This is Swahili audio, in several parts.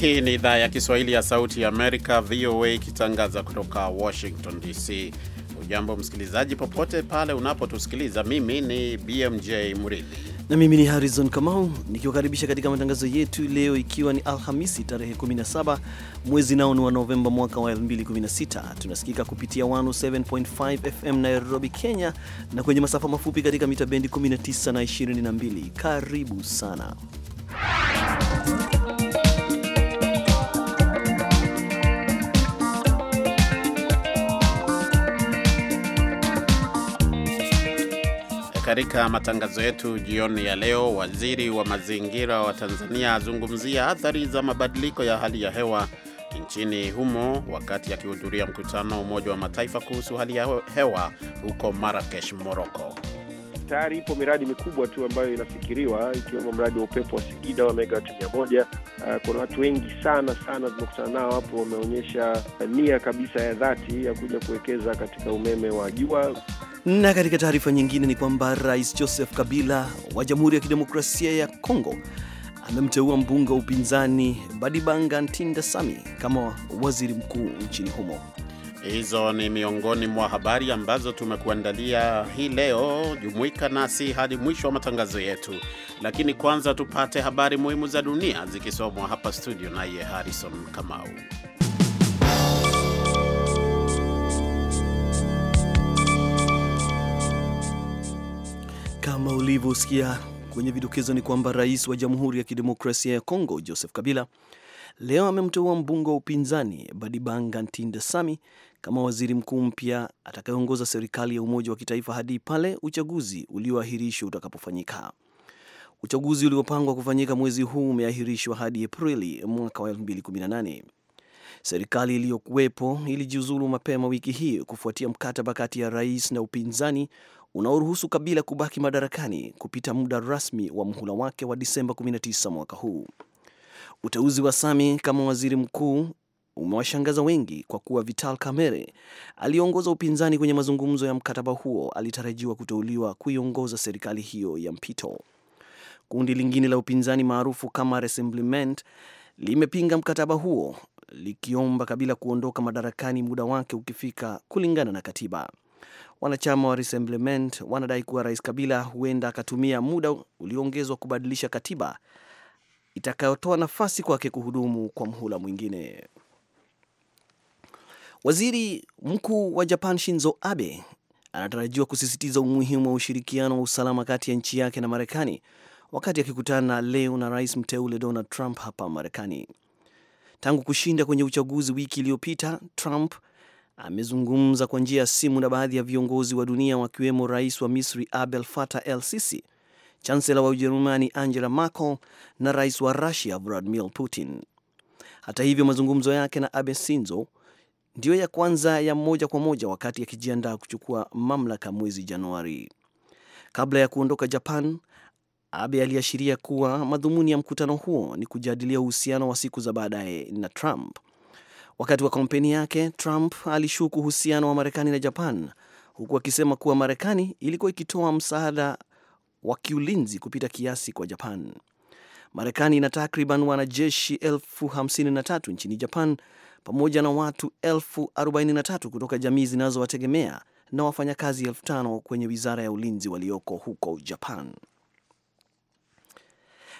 Hii ni idhaa ya Kiswahili ya Sauti ya Amerika, VOA, ikitangaza kutoka Washington DC. Ujambo msikilizaji, popote pale unapotusikiliza. Mimi ni BMJ Mridhi na mimi ni Harrison Kamau nikiwakaribisha katika matangazo yetu leo, ikiwa ni Alhamisi tarehe 17 mwezi nao ni wa Novemba mwaka wa 2016. Tunasikika kupitia 107.5 FM Nairobi, Kenya, na kwenye masafa mafupi katika mita bendi 19 na 22. Karibu sana Katika matangazo yetu jioni ya leo, waziri wa mazingira wa Tanzania azungumzia athari za mabadiliko ya hali ya hewa nchini humo wakati akihudhuria mkutano wa Umoja wa Mataifa kuhusu hali ya hewa huko marakesh Moroko tayari ipo miradi mikubwa tu ambayo inafikiriwa ikiwemo mradi wa upepo wa Singida wa megawati mia moja. Uh, kuna watu wengi sana sana tumekutana nao hapo, wameonyesha nia kabisa ya dhati ya kuja kuwekeza katika umeme wa jua. Na katika taarifa nyingine ni kwamba Rais Joseph Kabila wa Jamhuri ya Kidemokrasia ya congo amemteua mbunge wa upinzani Badibanga Ntinda Sami kama waziri mkuu nchini humo. Hizo ni miongoni mwa habari ambazo tumekuandalia hii leo. Jumuika nasi hadi mwisho wa matangazo yetu, lakini kwanza tupate habari muhimu za dunia zikisomwa hapa studio naye Harrison Kamau. Kama ulivyosikia kwenye vidokezo, ni kwamba rais wa Jamhuri ya Kidemokrasia ya Kongo Joseph Kabila leo amemteua mbunge wa upinzani Badibanga Ntinde Sami kama waziri mkuu mpya atakayeongoza serikali ya umoja wa kitaifa hadi pale uchaguzi ulioahirishwa utakapofanyika. Uchaguzi uliopangwa kufanyika mwezi huu umeahirishwa hadi Aprili mwaka wa 2018. Serikali iliyokuwepo ilijiuzulu mapema wiki hii kufuatia mkataba kati ya rais na upinzani unaoruhusu Kabila kubaki madarakani kupita muda rasmi wa mhula wake wa Disemba 19 mwaka huu. Uteuzi wa Sami kama waziri mkuu umewashangaza wengi kwa kuwa Vital Kamerhe aliongoza upinzani kwenye mazungumzo ya mkataba huo alitarajiwa kuteuliwa kuiongoza serikali hiyo ya mpito. Kundi lingine la upinzani maarufu kama Rassemblement limepinga mkataba huo likiomba Kabila kuondoka madarakani muda wake ukifika kulingana na katiba. Wanachama wa Rassemblement wanadai kuwa Rais Kabila huenda akatumia muda ulioongezwa kubadilisha katiba itakayotoa nafasi kwake kuhudumu kwa mhula mwingine. Waziri mkuu wa Japan Shinzo Abe anatarajiwa kusisitiza umuhimu wa ushirikiano wa usalama kati ya nchi yake na Marekani wakati akikutana leo na rais mteule Donald Trump hapa Marekani. Tangu kushinda kwenye uchaguzi wiki iliyopita, Trump amezungumza kwa njia ya simu na baadhi ya viongozi wa dunia wakiwemo rais wa Misri Abdel Fattah el Sisi chansela wa Ujerumani Angela Merkel na rais wa Rusia Vladimir Putin. Hata hivyo, mazungumzo yake na Abe Sinzo ndiyo ya kwanza ya moja kwa moja wakati akijiandaa kuchukua mamlaka mwezi Januari. Kabla ya kuondoka Japan, Abe aliashiria kuwa madhumuni ya mkutano huo ni kujadilia uhusiano wa siku za baadaye na Trump. Wakati wa kampeni yake, Trump alishuku uhusiano wa Marekani na Japan, huku akisema kuwa Marekani ilikuwa ikitoa msaada wa kiulinzi kupita kiasi kwa Japan. Marekani ina takriban wanajeshi elfu hamsini na tatu nchini Japan pamoja na watu elfu arobaini na tatu kutoka jamii zinazowategemea na wafanyakazi elfu tano kwenye wizara ya ulinzi walioko huko Japan.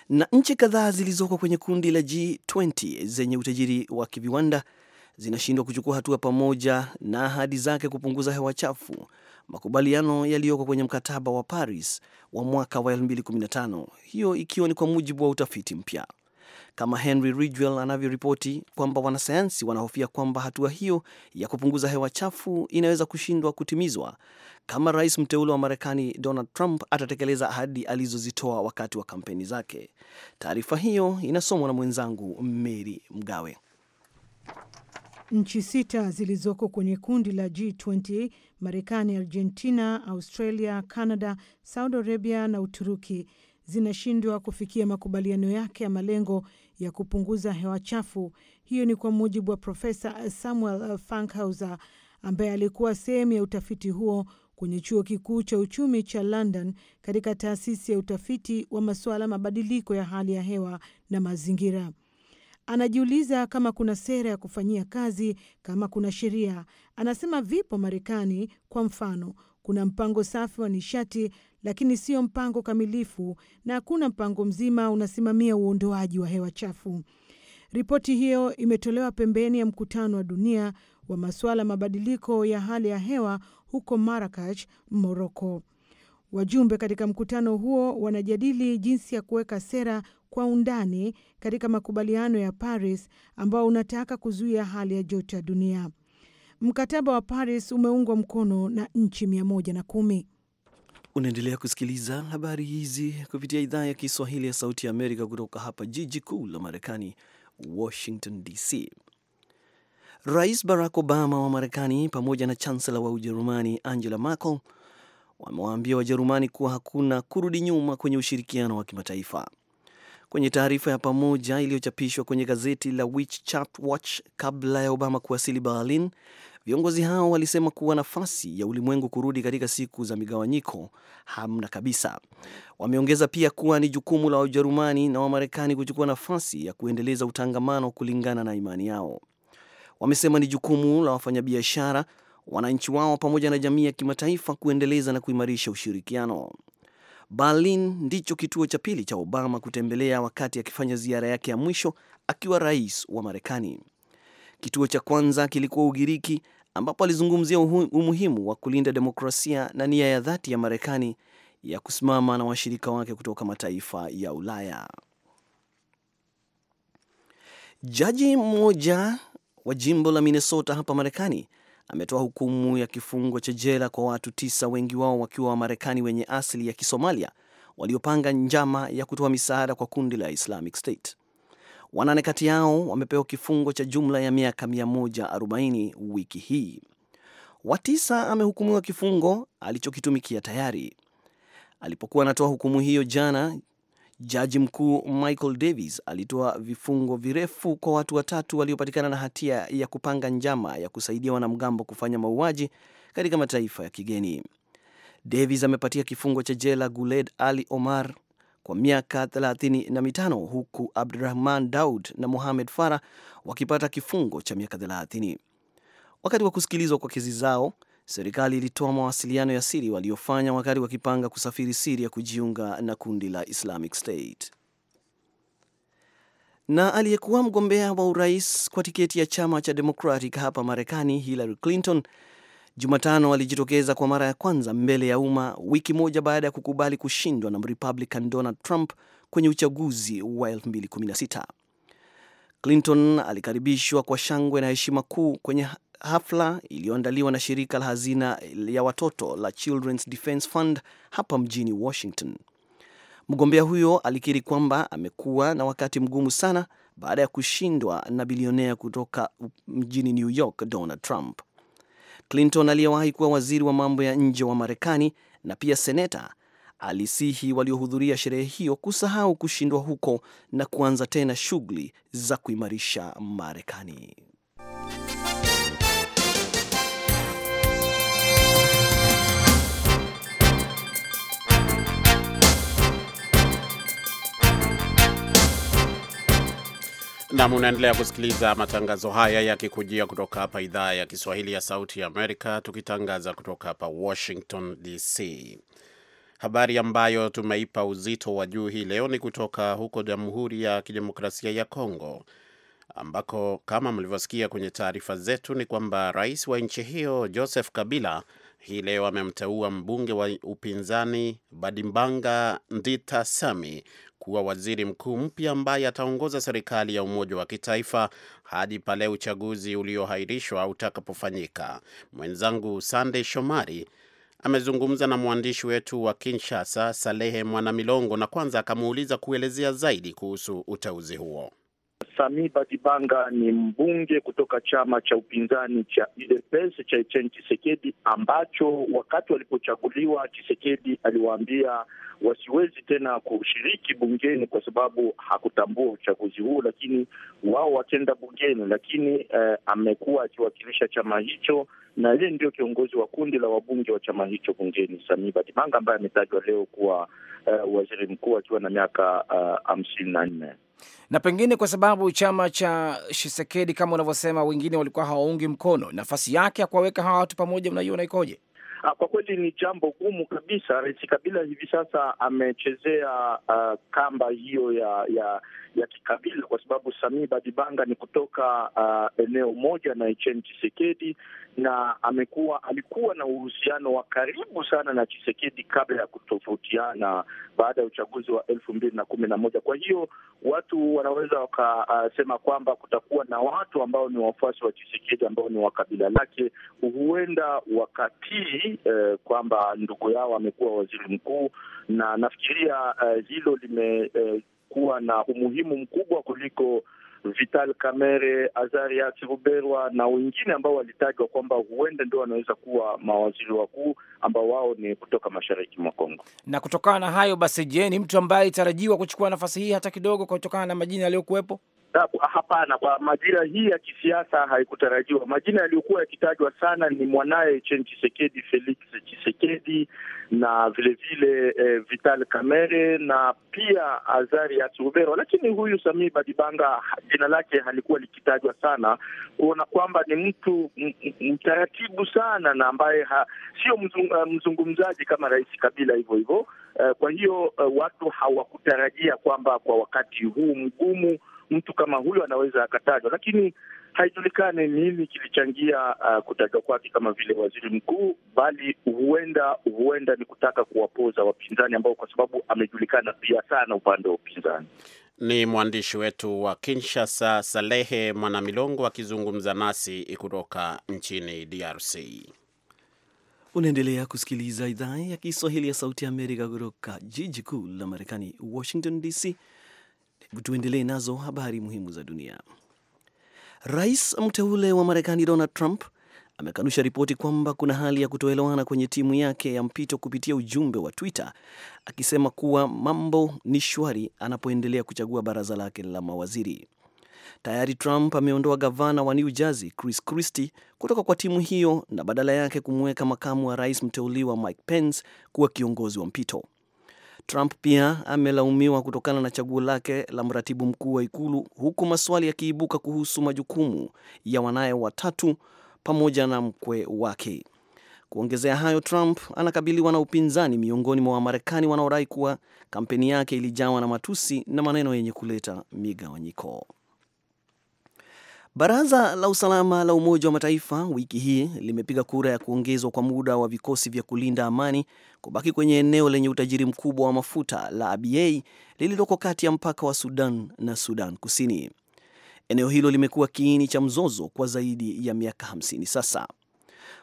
Na nchi kadhaa zilizoko kwenye kundi la G20 zenye utajiri wa kiviwanda zinashindwa kuchukua hatua pamoja na ahadi zake kupunguza hewa chafu makubaliano yaliyoko kwenye mkataba wa Paris wa mwaka wa 2015, hiyo ikiwa ni kwa mujibu wa utafiti mpya. Kama Henry Ridgwell anavyoripoti kwamba wanasayansi wanahofia kwamba hatua hiyo ya kupunguza hewa chafu inaweza kushindwa kutimizwa kama rais mteule wa Marekani Donald Trump atatekeleza ahadi alizozitoa wakati wa kampeni zake. Taarifa hiyo inasomwa na mwenzangu Mary Mgawe. Nchi sita zilizoko kwenye kundi la G20, Marekani, Argentina, Australia, Canada, Saudi Arabia na Uturuki zinashindwa kufikia makubaliano yake ya malengo ya kupunguza hewa chafu. Hiyo ni kwa mujibu wa Profesa Samuel Fankhauser ambaye alikuwa sehemu ya utafiti huo kwenye chuo kikuu cha uchumi cha London katika taasisi ya utafiti wa masuala mabadiliko ya hali ya hewa na mazingira. Anajiuliza kama kuna sera ya kufanyia kazi, kama kuna sheria. Anasema vipo Marekani, kwa mfano, kuna mpango safi wa nishati, lakini sio mpango kamilifu na hakuna mpango mzima unasimamia uondoaji wa hewa chafu. Ripoti hiyo imetolewa pembeni ya mkutano wa dunia wa masuala mabadiliko ya hali ya hewa huko Marakach, Moroko. Wajumbe katika mkutano huo wanajadili jinsi ya kuweka sera kwa undani katika makubaliano ya Paris ambao unataka kuzuia hali ya joto ya dunia. Mkataba wa Paris umeungwa mkono na nchi 110. Unaendelea kusikiliza habari hizi kupitia idhaa ya Kiswahili ya Sauti ya Amerika kutoka hapa jiji kuu la Marekani, Washington DC. Rais Barack Obama wa Marekani pamoja na chansela wa Ujerumani Angela Merkel wamewaambia Wajerumani kuwa hakuna kurudi nyuma kwenye ushirikiano wa kimataifa. Kwenye taarifa ya pamoja iliyochapishwa kwenye gazeti la witch watch kabla ya Obama kuwasili Berlin, viongozi hao walisema kuwa nafasi ya ulimwengu kurudi katika siku za migawanyiko hamna kabisa. Wameongeza pia kuwa ni jukumu la Wajerumani na Wamarekani kuchukua nafasi ya kuendeleza utangamano kulingana na imani yao. Wamesema ni jukumu la wafanyabiashara, wananchi wao pamoja na jamii ya kimataifa kuendeleza na kuimarisha ushirikiano. Berlin ndicho kituo cha pili cha Obama kutembelea wakati akifanya ziara yake ya mwisho akiwa rais wa Marekani. Kituo cha kwanza kilikuwa Ugiriki, ambapo alizungumzia umuhimu wa kulinda demokrasia na nia ya dhati ya Marekani ya kusimama na washirika wake kutoka mataifa ya Ulaya. Jaji mmoja wa jimbo la Minnesota hapa Marekani ametoa hukumu ya kifungo cha jela kwa watu tisa, wengi wao wakiwa Wamarekani wenye asili ya Kisomalia waliopanga njama ya kutoa misaada kwa kundi la Islamic State. Wanane kati yao wamepewa kifungo cha jumla ya miaka 140 wiki hii. Watisa amehukumiwa kifungo alichokitumikia tayari. Alipokuwa anatoa hukumu hiyo jana, Jaji mkuu Michael Davis alitoa vifungo virefu kwa watu watatu waliopatikana na hatia ya kupanga njama ya kusaidia wanamgambo kufanya mauaji katika mataifa ya kigeni. Davis amepatia kifungo cha jela Guled Ali Omar kwa miaka 35 mitano huku Abdurahman Daud na Mohamed Farah wakipata kifungo cha miaka 30. Wakati wa kusikilizwa kwa kesi zao, serikali ilitoa mawasiliano ya siri waliofanya wakati wakipanga kusafiri Siria kujiunga na kundi la Islamic State. Na aliyekuwa mgombea wa urais kwa tiketi ya chama cha Democratic hapa Marekani, Hillary Clinton Jumatano alijitokeza kwa mara ya kwanza mbele ya umma wiki moja baada ya kukubali kushindwa na Republican Donald Trump kwenye uchaguzi wa 2016. Clinton alikaribishwa kwa shangwe na heshima kuu kwenye hafla iliyoandaliwa na shirika la hazina ya watoto la Children's Defense Fund hapa mjini Washington. Mgombea huyo alikiri kwamba amekuwa na wakati mgumu sana baada ya kushindwa na bilionea kutoka mjini New York, Donald Trump. Clinton aliyewahi kuwa waziri wa mambo ya nje wa Marekani na pia seneta alisihi waliohudhuria sherehe hiyo kusahau kushindwa huko na kuanza tena shughuli za kuimarisha Marekani. Nam, unaendelea kusikiliza matangazo haya yakikujia kutoka hapa idhaa ya Kiswahili ya Sauti ya Amerika, tukitangaza kutoka hapa Washington DC. Habari ambayo tumeipa uzito wa juu hii leo ni kutoka huko Jamhuri ya Kidemokrasia ya Kongo, ambako kama mlivyosikia kwenye taarifa zetu ni kwamba rais wa nchi hiyo Joseph Kabila hii leo amemteua mbunge wa upinzani Badimbanga Ndita Sami kuwa waziri mkuu mpya ambaye ataongoza serikali ya umoja wa kitaifa hadi pale uchaguzi uliohairishwa utakapofanyika. Mwenzangu Sandey Shomari amezungumza na mwandishi wetu wa Kinshasa, Salehe Mwanamilongo, na kwanza akamuuliza kuelezea zaidi kuhusu uteuzi huo. Samiba Dibanga ni mbunge kutoka chama cha upinzani cha UDPS cha Etienne Chisekedi, ambacho wakati walipochaguliwa Chisekedi aliwaambia wasiwezi tena kushiriki bungeni kwa sababu hakutambua uchaguzi huu, lakini wao wakenda bungeni, lakini eh, amekuwa akiwakilisha chama hicho na yeye ndio kiongozi wa kundi la wabunge wa chama hicho bungeni, Samiba Dibanga ambaye ametajwa leo kuwa eh, waziri mkuu akiwa na miaka eh, hamsini uh, na nne na pengine kwa sababu chama cha Shisekedi kama unavyosema, wengine walikuwa hawaungi mkono, nafasi yake ya kuwaweka hawa watu pamoja, unaiona ikoje? Ah, kwa kweli ni jambo gumu kabisa. Rais Kabila hivi sasa amechezea uh, kamba hiyo ya ya ya kikabila, kwa sababu Samii Badibanga ni kutoka uh, eneo moja na Etienne chisekedi na amekuwa alikuwa na uhusiano wa karibu sana na chisekedi kabla ya kutofautiana baada ya uchaguzi wa elfu mbili na kumi na moja. Kwa hiyo watu wanaweza wakasema uh, kwamba kutakuwa na watu ambao ni wafuasi wa chisekedi ambao ni wa kabila lake, huenda wakatii eh, kwamba ndugu yao amekuwa waziri mkuu, na nafikiria uh, hilo lime eh, kuwa na umuhimu mkubwa kuliko Vital Kamerhe, Azarias Ruberwa na wengine ambao walitajwa kwamba huenda ndio wanaweza kuwa mawaziri wakuu ambao wao ni kutoka mashariki mwa Kongo. Na kutokana na hayo basi, je, ni mtu ambaye alitarajiwa kuchukua nafasi hii hata kidogo kutokana na majina yaliyokuwepo? Ah, hapana, kwa majira hii ya kisiasa haikutarajiwa. Majina yaliyokuwa yakitajwa sana ni mwanaye chen chisekedi Felix chisekedi na vilevile vile, eh, Vital Kamerhe na pia Azari Asubero, lakini huyu Sami Badibanga jina lake halikuwa likitajwa sana, kuona kwamba ni mtu mtaratibu sana na ambaye ha, sio mzung, eh, mzungumzaji kama Rais Kabila hivyo hivyo. Eh, kwa hiyo eh, watu hawakutarajia kwamba kwa wakati huu mgumu mtu kama huyo anaweza akatajwa, lakini haijulikane nini kilichangia uh, kutajwa kwake kama vile waziri mkuu, bali huenda huenda ni kutaka kuwapoza wapinzani ambao, kwa sababu amejulikana pia sana upande wa upinzani. Ni mwandishi wetu wa Kinshasa, Salehe Mwanamilongo, akizungumza nasi kutoka nchini DRC. Unaendelea kusikiliza idhaa ya Kiswahili ya Sauti ya Amerika kutoka jiji kuu la Marekani, Washington DC, Tuendelee nazo habari muhimu za dunia. Rais mteule wa Marekani Donald Trump amekanusha ripoti kwamba kuna hali ya kutoelewana kwenye timu yake ya mpito kupitia ujumbe wa Twitter akisema kuwa mambo ni shwari anapoendelea kuchagua baraza lake la mawaziri. Tayari Trump ameondoa gavana wa New Jersey Chris Christie kutoka kwa timu hiyo na badala yake kumweka makamu wa rais mteuliwa Mike Pence kuwa kiongozi wa mpito. Trump pia amelaumiwa kutokana na chaguo lake la mratibu mkuu wa ikulu, huku maswali yakiibuka kuhusu majukumu ya wanaye watatu pamoja na mkwe wake. Kuongezea hayo, Trump anakabiliwa na upinzani miongoni mwa Wamarekani wanaodai kuwa kampeni yake ilijawa na matusi na maneno yenye kuleta migawanyiko. Baraza la Usalama la Umoja wa Mataifa wiki hii limepiga kura ya kuongezwa kwa muda wa vikosi vya kulinda amani kubaki kwenye eneo lenye utajiri mkubwa wa mafuta la Abyei lililoko kati ya mpaka wa Sudan na Sudan Kusini. Eneo hilo limekuwa kiini cha mzozo kwa zaidi ya miaka 50 sasa.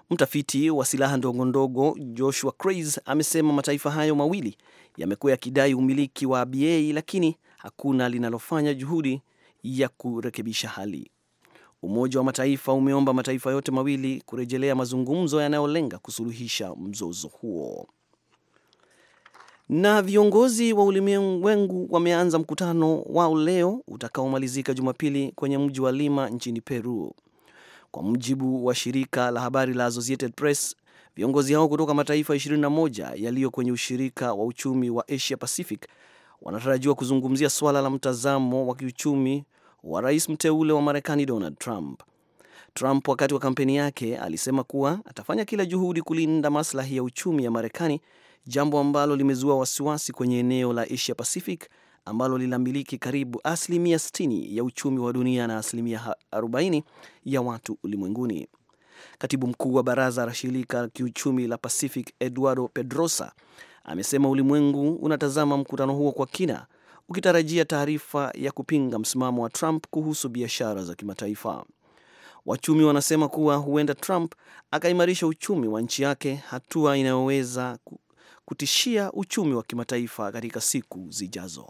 Mtafiti wa silaha ndogo ndogo Joshua Craig amesema mataifa hayo mawili yamekuwa yakidai umiliki wa Abyei, lakini hakuna linalofanya juhudi ya kurekebisha hali. Umoja wa Mataifa umeomba mataifa yote mawili kurejelea mazungumzo yanayolenga kusuluhisha mzozo huo. Na viongozi wa ulimwengu wameanza mkutano wao leo utakaomalizika Jumapili kwenye mji wa Lima nchini Peru. Kwa mujibu wa shirika la habari la Associated Press, viongozi hao kutoka mataifa 21 yaliyo kwenye ushirika wa uchumi wa Asia Pacific wanatarajiwa kuzungumzia suala la mtazamo wa kiuchumi wa rais mteule wa Marekani Donald Trump. Trump wakati wa kampeni yake alisema kuwa atafanya kila juhudi kulinda maslahi ya uchumi ya Marekani, jambo ambalo limezua wasiwasi kwenye eneo la Asia Pacific ambalo linamiliki karibu asilimia 60 ya uchumi wa dunia na asilimia 40 ya watu ulimwenguni. Katibu mkuu wa baraza la shirika la kiuchumi la Pacific Eduardo Pedrosa amesema ulimwengu unatazama mkutano huo kwa kina ukitarajia taarifa ya kupinga msimamo wa Trump kuhusu biashara za kimataifa. Wachumi wanasema kuwa huenda Trump akaimarisha uchumi wa nchi yake, hatua inayoweza kutishia uchumi wa kimataifa katika siku zijazo.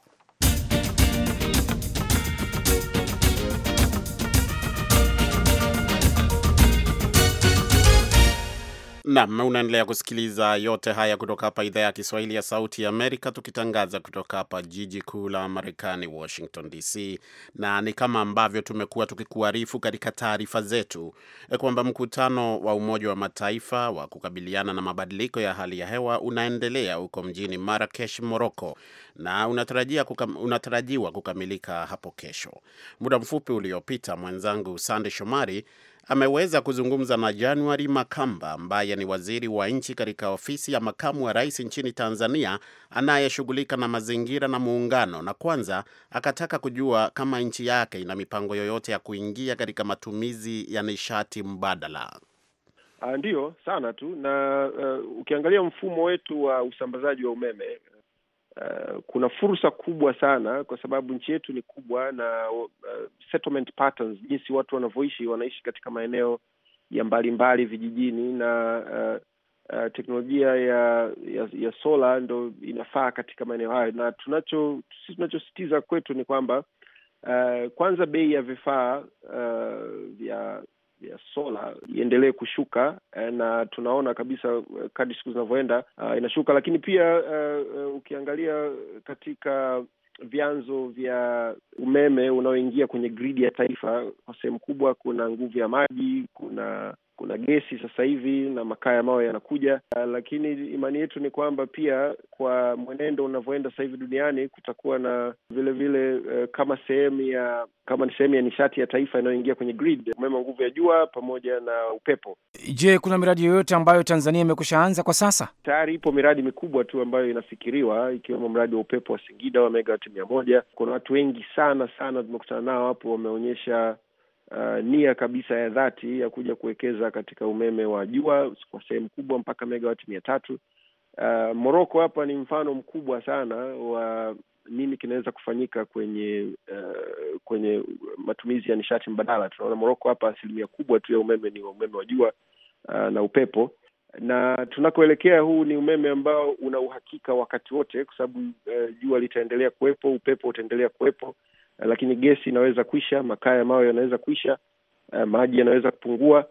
Naam, unaendelea kusikiliza yote haya kutoka hapa idhaa ya Kiswahili ya Sauti ya Amerika, tukitangaza kutoka hapa jiji kuu la Marekani, Washington DC. Na ni kama ambavyo tumekuwa tukikuarifu katika taarifa zetu e, kwamba mkutano wa Umoja wa Mataifa wa kukabiliana na mabadiliko ya hali ya hewa unaendelea huko mjini Marakesh, Moroko, na unatarajia kukam, unatarajiwa kukamilika hapo kesho. Muda mfupi uliopita, mwenzangu Sande Shomari ameweza kuzungumza na January Makamba ambaye ni waziri wa nchi katika ofisi ya makamu wa rais nchini Tanzania anayeshughulika na mazingira na muungano, na kwanza akataka kujua kama nchi yake ina mipango yoyote ya kuingia katika matumizi ya nishati mbadala. Ah, Ndiyo sana tu na uh, ukiangalia mfumo wetu wa usambazaji wa umeme Eh, kuna fursa kubwa sana kwa sababu nchi yetu ni kubwa na uh, settlement patterns, jinsi watu wanavyoishi, wanaishi katika maeneo ya mbalimbali vijijini, na uh, uh, teknolojia ya ya, ya sola ndo inafaa katika maeneo hayo, na tunacho sisi tunachositiza kwetu ni kwamba uh, kwanza bei ya vifaa uh, vya ya sola iendelee kushuka eh, na tunaona kabisa eh, kadi siku zinavyoenda uh, inashuka, lakini pia uh, uh, ukiangalia katika vyanzo vya umeme unaoingia kwenye gridi ya taifa, kwa sehemu kubwa kuna nguvu ya maji, kuna kuna gesi sasa hivi na makaa ya mawe yanakuja, ah, lakini imani yetu ni kwamba pia kwa mwenendo unavyoenda sasa hivi duniani kutakuwa na vilevile vile, eh, kama sehemu ya kama ni sehemu ya nishati ya taifa inayoingia kwenye grid, umeme, nguvu ya jua pamoja na upepo. Je, kuna miradi yoyote ambayo Tanzania imekusha anza kwa sasa? Tayari ipo miradi mikubwa tu ambayo inafikiriwa ikiwemo mradi wa upepo wa Singida wa megawati mia moja. Kuna watu wengi sana sana tumekutana nao hapo, wameonyesha uh, nia kabisa ya dhati ya kuja kuwekeza katika umeme wa jua kwa sehemu kubwa mpaka megawati mia tatu. Uh, Moroko hapa ni mfano mkubwa sana wa nini kinaweza kufanyika kwenye uh, kwenye matumizi ya nishati mbadala. Tunaona Moroko hapa asilimia kubwa tu ya umeme ni umeme wa jua uh, na upepo na tunakoelekea huu ni umeme ambao una uhakika wakati wote, kwa sababu uh, jua litaendelea kuwepo, upepo utaendelea kuwepo, lakini gesi inaweza kuisha, makaa ya mawe yanaweza kuisha, uh, maji yanaweza kupungua.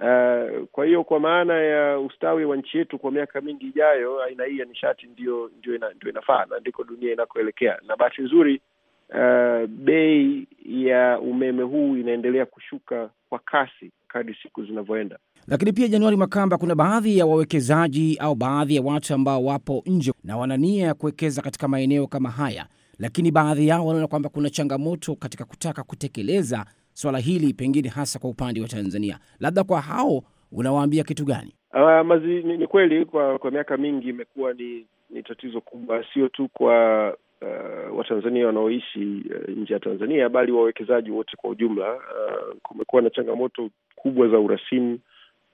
Uh, kwa hiyo kwa maana ya ustawi wa nchi yetu kwa miaka mingi ijayo, aina hii ya nishati ndio ndio ina, inafaa na ndiko dunia inakoelekea. Na bahati nzuri uh, bei ya umeme huu inaendelea kushuka kwa kasi kadi siku zinavyoenda. Lakini pia, Januari Makamba, kuna baadhi ya wawekezaji au baadhi ya watu ambao wapo nje na wanania ya kuwekeza katika maeneo kama haya lakini baadhi yao wanaona kwamba kuna changamoto katika kutaka kutekeleza swala hili, pengine hasa kwa upande wa Tanzania. Labda kwa hao unawaambia kitu gani? Uh, mazi, ni, ni kweli kwa kwa miaka mingi imekuwa ni, ni tatizo kubwa sio tu kwa uh, Watanzania wanaoishi uh, nje ya Tanzania bali wawekezaji wote kwa ujumla. Uh, kumekuwa na changamoto kubwa za urasimu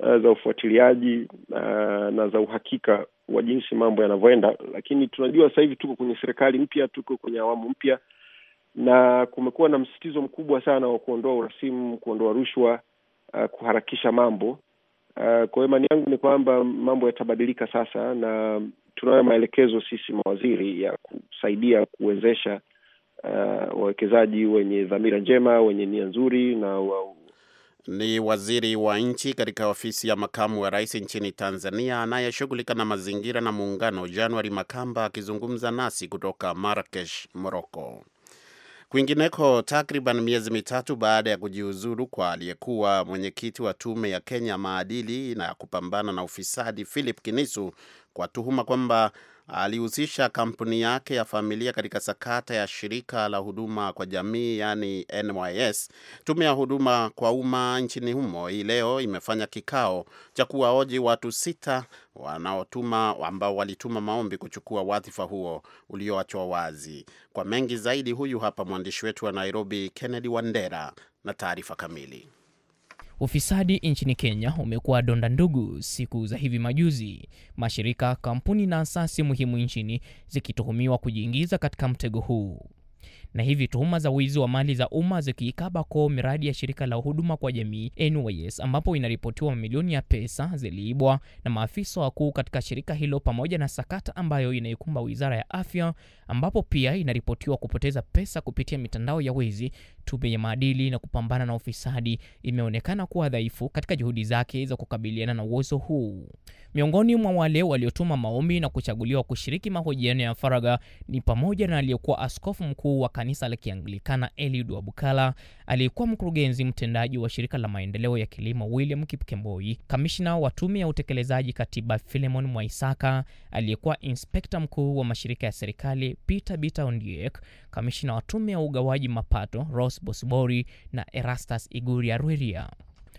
Eh, za ufuatiliaji uh, na za uhakika wa jinsi mambo yanavyoenda, lakini tunajua sasa hivi tuko kwenye serikali mpya, tuko kwenye awamu mpya, na kumekuwa na msisitizo mkubwa sana wa kuondoa urasimu, kuondoa rushwa, uh, kuharakisha mambo uh, kwa hiyo imani yangu ni kwamba mambo yatabadilika sasa, na tunayo maelekezo sisi mawaziri ya kusaidia kuwezesha uh, wawekezaji wenye dhamira njema, wenye nia nzuri na wa ni waziri wa nchi katika ofisi ya makamu wa rais nchini Tanzania anayeshughulika na mazingira na muungano, januari Makamba akizungumza nasi kutoka Marrakesh, Morocco. Kwingineko, takriban miezi mitatu baada ya kujiuzuru kwa aliyekuwa mwenyekiti wa tume ya Kenya maadili na kupambana na ufisadi Philip Kinisu kwa tuhuma kwamba alihusisha kampuni yake ya familia katika sakata ya shirika la huduma kwa jamii yaani NYS. Tume ya huduma kwa umma nchini humo hii leo imefanya kikao cha kuwaoji watu sita wanaotuma ambao walituma maombi kuchukua wadhifa huo ulioachwa wazi. Kwa mengi zaidi, huyu hapa mwandishi wetu wa Nairobi Kennedy Wandera na taarifa kamili. Ufisadi nchini Kenya umekuwa donda ndugu siku za hivi majuzi, mashirika, kampuni na asasi muhimu nchini zikituhumiwa kujiingiza katika mtego huu, na hivi tuhuma za wizi wa mali za umma zikiikaba koo miradi ya shirika la huduma kwa jamii NYS, ambapo inaripotiwa mamilioni ya pesa ziliibwa na maafisa wakuu katika shirika hilo, pamoja na sakata ambayo inaikumba wizara ya afya, ambapo pia inaripotiwa kupoteza pesa kupitia mitandao ya wizi Tume ya maadili na kupambana na ufisadi imeonekana kuwa dhaifu katika juhudi zake za kukabiliana na uozo huu. Miongoni mwa wale waliotuma maombi na kuchaguliwa kushiriki mahojiano ya faragha ni pamoja na aliyekuwa askofu mkuu wa kanisa la Kianglikana Eliud Wabukala, aliyekuwa mkurugenzi mtendaji wa shirika la maendeleo ya kilimo William Kipkemboi, kamishna wa tume ya utekelezaji katiba Philemon Mwaisaka, aliyekuwa inspekta mkuu wa mashirika ya serikali Peter Bita Ondiek, kamishina wa tume ya ugawaji mapato Ross Bosbori na Erastus Iguria Rweria,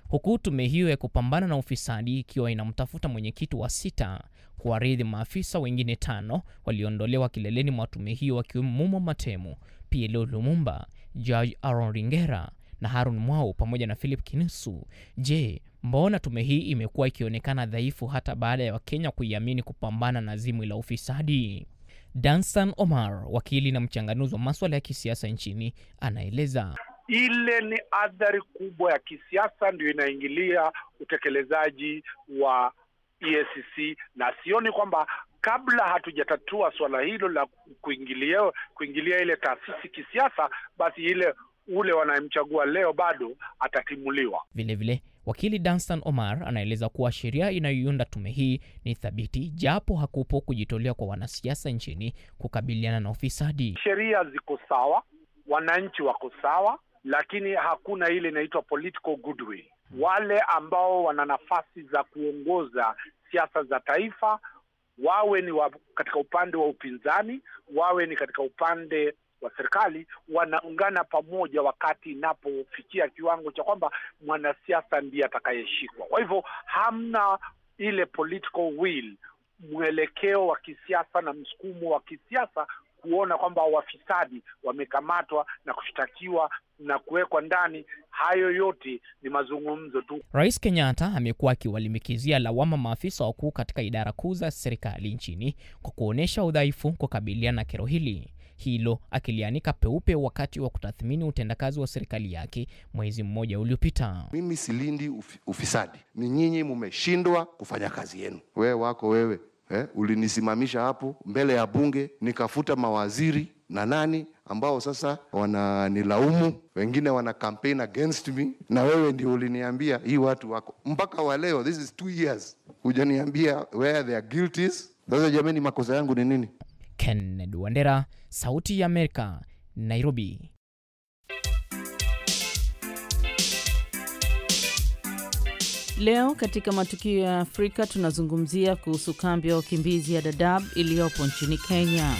huku tume hiyo ya kupambana na ufisadi ikiwa inamtafuta mwenyekiti wa sita kuwaridhi maafisa wengine tano walioondolewa kileleni mwa tume hiyo wakiwemo Mumo Matemu, Pielo Lumumba, George Aaron Ringera na Harun Mwau pamoja na Philip Kinusu. Je, mbona tume hii imekuwa ikionekana dhaifu hata baada ya Wakenya kuiamini kupambana na zimwi la ufisadi? Dansan Omar, wakili na mchanganuzi wa maswala ya kisiasa nchini, anaeleza. Ile ni athari kubwa ya kisiasa, ndio inaingilia utekelezaji wa EACC, na sioni kwamba kabla hatujatatua suala hilo la kuingilia kuingilia ile taasisi kisiasa, basi ile ule wanayemchagua leo bado atatimuliwa vilevile vile. Wakili Danstan Omar anaeleza kuwa sheria inayoiunda tume hii ni thabiti, japo hakupo kujitolea kwa wanasiasa nchini kukabiliana na ufisadi. Sheria ziko sawa, wananchi wako sawa, lakini hakuna ile inaitwa political goodwill. Wale ambao wana nafasi za kuongoza siasa za taifa wawe ni wa, katika upande wa upinzani wawe ni katika upande wa serikali wanaungana pamoja wakati inapofikia kiwango cha kwamba mwanasiasa ndiye atakayeshikwa. Kwa hivyo hamna ile political will, mwelekeo wa kisiasa na msukumo wa kisiasa kuona kwamba wafisadi wamekamatwa na kushtakiwa na kuwekwa ndani. Hayo yote ni mazungumzo tu. Rais Kenyatta amekuwa akiwalimikizia lawama maafisa wakuu katika idara kuu za serikali nchini kwa kuonyesha udhaifu kukabiliana na kero hili hilo akilianika peupe wakati wa kutathmini utendakazi wa serikali yake mwezi mmoja uliopita. Mimi silindi ufisadi, ni nyinyi mumeshindwa kufanya kazi yenu. Wewe wako wewe eh, ulinisimamisha hapo mbele ya bunge nikafuta mawaziri na nani ambao sasa wananilaumu, wengine wana campaign against me, na wewe ndio uliniambia hii watu wako mpaka wa leo, this is two years, hujaniambia where their guilt is. Sasa jamani, makosa yangu ni nini? Kennedy Wandera, Sauti ya Amerika, Nairobi. Leo katika matukio ya Afrika tunazungumzia kuhusu kambi ya wakimbizi ya Dadaab iliyopo nchini Kenya.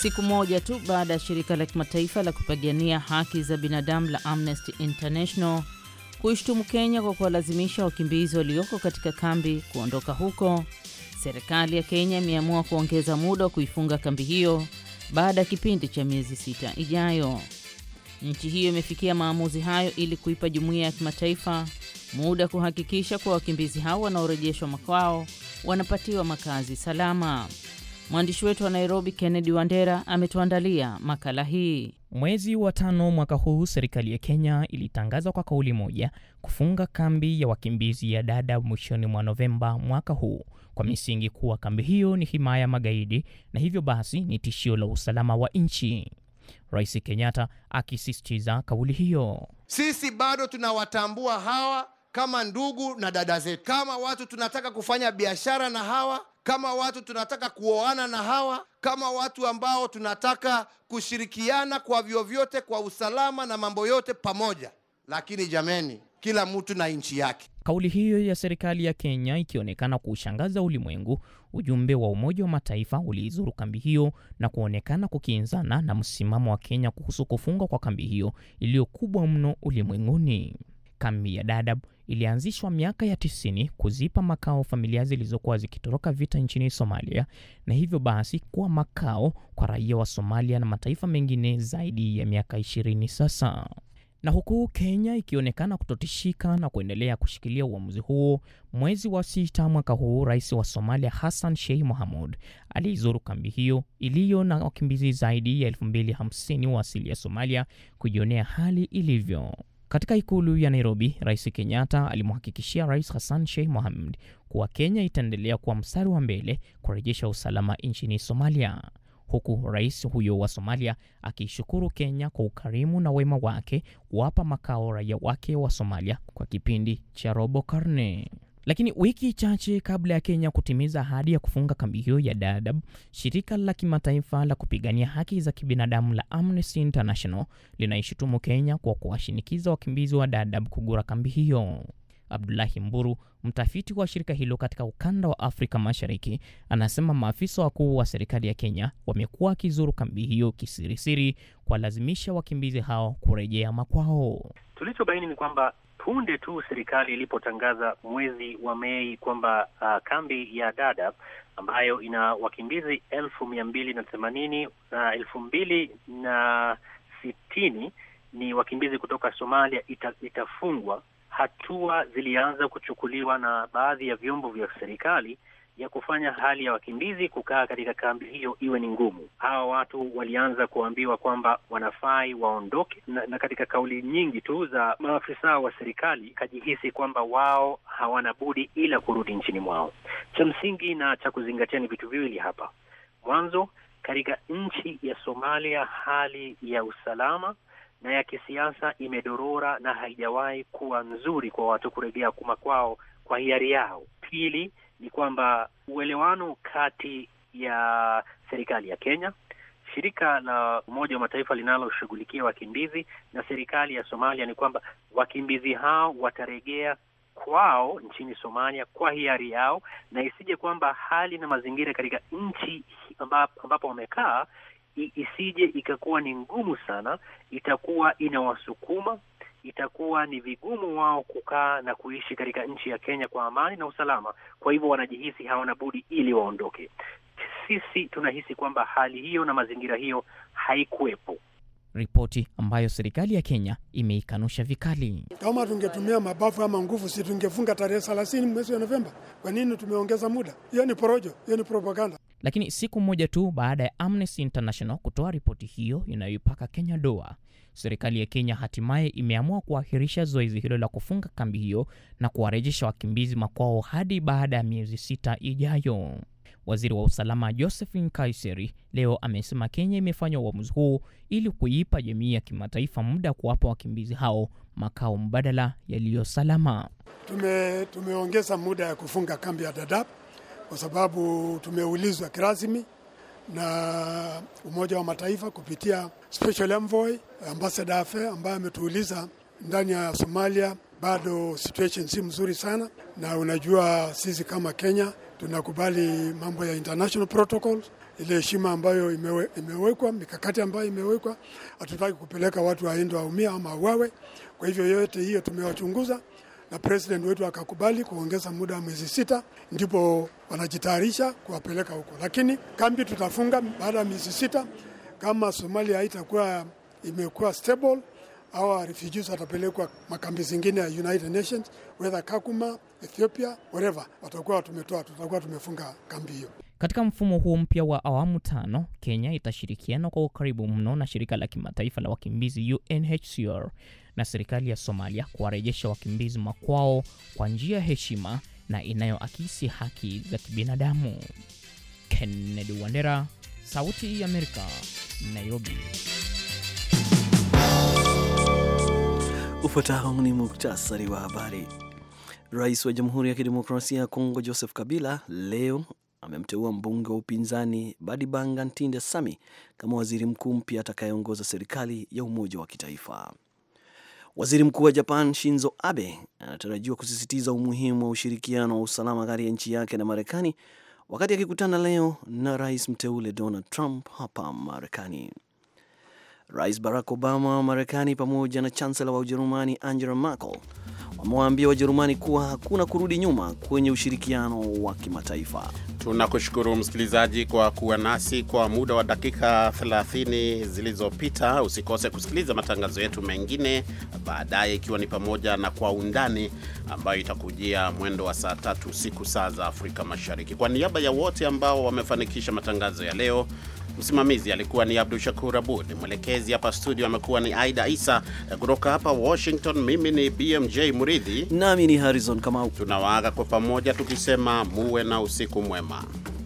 Siku moja tu baada ya shirika la kimataifa la kupigania haki za binadamu la Amnesty International kuishtumu Kenya kwa kuwalazimisha wakimbizi walioko katika kambi kuondoka huko, Serikali ya Kenya imeamua kuongeza muda wa kuifunga kambi hiyo baada ya kipindi cha miezi sita ijayo. Nchi hiyo imefikia maamuzi hayo ili kuipa jumuiya ya kimataifa muda kuhakikisha kuwa wakimbizi hao wanaorejeshwa makwao wanapatiwa makazi salama. Mwandishi wetu wa Nairobi, Kennedy Wandera, ametuandalia makala hii. Mwezi wa tano mwaka huu, serikali ya Kenya ilitangaza kwa kauli moja kufunga kambi ya wakimbizi ya Dadaab mwishoni mwa Novemba mwaka huu kwa misingi kuwa kambi hiyo ni himaya magaidi na hivyo basi ni tishio la usalama wa nchi. Rais Kenyatta akisistiza kauli hiyo, sisi bado tunawatambua hawa kama ndugu na dada zetu, kama watu tunataka kufanya biashara na hawa, kama watu tunataka kuoana na hawa, kama watu ambao tunataka kushirikiana kwa vyovyote, kwa usalama na mambo yote pamoja. Lakini jameni, kila mtu na nchi yake. Kauli hiyo ya serikali ya Kenya ikionekana kuushangaza ulimwengu. Ujumbe wa Umoja wa Mataifa uliizuru kambi hiyo na kuonekana kukinzana na msimamo wa Kenya kuhusu kufunga kwa kambi hiyo iliyokubwa mno ulimwenguni. Kambi ya Dadaab ilianzishwa miaka ya tisini kuzipa makao familia zilizokuwa zikitoroka vita nchini Somalia na hivyo basi kuwa makao kwa raia wa Somalia na mataifa mengine zaidi ya miaka ishirini sasa. Na huku Kenya ikionekana kutotishika na kuendelea kushikilia uamuzi huo, mwezi wa sita mwaka huu, rais wa Somalia Hassan Sheikh Mohamud aliizuru kambi hiyo iliyo na wakimbizi zaidi ya 250 wa asili ya Somalia kujionea hali ilivyo. Katika ikulu ya Nairobi, Rais Kenyatta alimhakikishia Rais Hassan Sheikh Mohamud kuwa Kenya itaendelea kuwa mstari wa mbele kurejesha usalama nchini Somalia huku rais huyo wa Somalia akiishukuru Kenya kwa ukarimu na wema wake kuwapa makao raia wake wa Somalia kwa kipindi cha robo karne. Lakini wiki chache kabla ya Kenya kutimiza ahadi ya kufunga kambi hiyo ya Dadaab, shirika la kimataifa la kupigania haki za kibinadamu la Amnesty International linaishutumu Kenya kwa kuwashinikiza wakimbizi wa Dadaab kugura kambi hiyo. Abdulahi Mburu, mtafiti wa shirika hilo katika ukanda wa Afrika Mashariki, anasema maafisa wakuu wa serikali ya Kenya wamekuwa wakizuru kambi hiyo kisirisiri kuwalazimisha wakimbizi hao kurejea makwao. Tulichobaini ni kwamba punde tu serikali ilipotangaza mwezi wa Mei kwamba uh, kambi ya Dadaab ambayo ina wakimbizi elfu mia mbili na themanini na uh, elfu mbili na sitini ni wakimbizi kutoka Somalia ita, itafungwa hatua zilianza kuchukuliwa na baadhi ya vyombo vya serikali ya kufanya hali ya wakimbizi kukaa katika kambi hiyo iwe ni ngumu. Hawa watu walianza kuambiwa kwamba wanafai waondoke, na, na katika kauli nyingi tu za maafisa wa serikali kajihisi kwamba wao hawana budi ila kurudi nchini mwao. Cha msingi na cha kuzingatia ni vitu viwili hapa. Mwanzo, katika nchi ya Somalia hali ya usalama na ya kisiasa imedorora na haijawahi kuwa nzuri kwa watu kurejea kwao kwa hiari yao. Pili ni kwamba uelewano kati ya serikali ya Kenya, shirika la Umoja wa Mataifa linaloshughulikia wakimbizi na serikali ya Somalia ni kwamba wakimbizi hao watarejea kwao nchini Somalia kwa hiari yao, na isije kwamba hali na mazingira katika nchi ambapo wamekaa isije ikakuwa ni ngumu sana, itakuwa inawasukuma, itakuwa ni vigumu wao kukaa na kuishi katika nchi ya Kenya kwa amani na usalama. Kwa hivyo wanajihisi hawana budi ili waondoke. Sisi tunahisi kwamba hali hiyo na mazingira hiyo haikuwepo, ripoti ambayo serikali ya Kenya imeikanusha vikali. Kama tungetumia mabavu ama nguvu, si tungefunga tarehe thelathini mwezi wa Novemba? Kwa nini tumeongeza muda? Hiyo ni porojo, hiyo ni propaganda. Lakini siku moja tu baada ya Amnesty International kutoa ripoti hiyo inayoipaka Kenya doa, serikali ya Kenya hatimaye imeamua kuahirisha zoezi hilo la kufunga kambi hiyo na kuwarejesha wakimbizi makwao hadi baada ya miezi sita ijayo. Waziri wa usalama Josephine Kaiseri leo amesema Kenya imefanya uamuzi huu ili kuipa jamii ya kimataifa muda kuwapa wakimbizi hao makao mbadala yaliyo salama. Tume, tumeongeza muda ya kufunga kambi ya Dadaab kwa sababu tumeulizwa kirasmi na Umoja wa Mataifa kupitia Special Envoy Ambassador Afe ambaye ametuuliza ndani ya Somalia bado situation si mzuri sana, na unajua sisi kama Kenya tunakubali mambo ya international protocol, ile heshima ambayo imewe, imewekwa mikakati ambayo imewekwa. Hatutaki kupeleka watu waende waumia ama wawe. Kwa hivyo yote hiyo tumewachunguza na president wetu akakubali kuongeza muda wa miezi sita, ndipo wanajitayarisha kuwapeleka huko, lakini kambi tutafunga baada ya miezi sita kama Somalia haitakuwa imekuwa stable au refugees watapelekwa makambi zingine ya United Nations, whether Kakuma, Ethiopia, wherever watakuwa tumetoa, tutakuwa tumefunga kambi hiyo. Katika mfumo huo mpya wa awamu tano, Kenya itashirikiana kwa ukaribu mno na shirika la kimataifa la wakimbizi UNHCR na serikali ya Somalia kuwarejesha wakimbizi makwao kwa njia ya heshima na inayoakisi haki za kibinadamu. Kennedy Wandera, Sauti ya Amerika, Nairobi. Ufuatao ni muktasari wa habari. Rais wa Jamhuri ya Kidemokrasia ya Kongo Joseph Kabila leo amemteua mbunge wa upinzani Badibanga Ntinde Sami kama waziri mkuu mpya atakayeongoza serikali ya umoja wa kitaifa. Waziri mkuu wa Japan Shinzo Abe anatarajiwa kusisitiza umuhimu wa ushirikiano wa usalama kati ya nchi yake na Marekani wakati akikutana leo na rais mteule Donald Trump hapa Marekani. Rais Barack Obama wa Marekani pamoja na chancela wa Ujerumani Angela Merkel wamewaambia Wajerumani kuwa hakuna kurudi nyuma kwenye ushirikiano wa kimataifa. Tunakushukuru msikilizaji kwa kuwa nasi kwa muda wa dakika 30 zilizopita. Usikose kusikiliza matangazo yetu mengine baadaye, ikiwa ni pamoja na Kwa Undani ambayo itakujia mwendo wa saa tatu usiku saa za Afrika Mashariki. Kwa niaba ya wote ambao wamefanikisha matangazo ya leo, msimamizi alikuwa ni Abdu Shakur Abud, mwelekezi hapa studio amekuwa ni Aida Isa. Kutoka hapa Washington, mimi ni BMJ Muridhi nami ni Harrison Kamau, tunawaaga kwa pamoja tukisema muwe na usiku mwema. 감사합니다.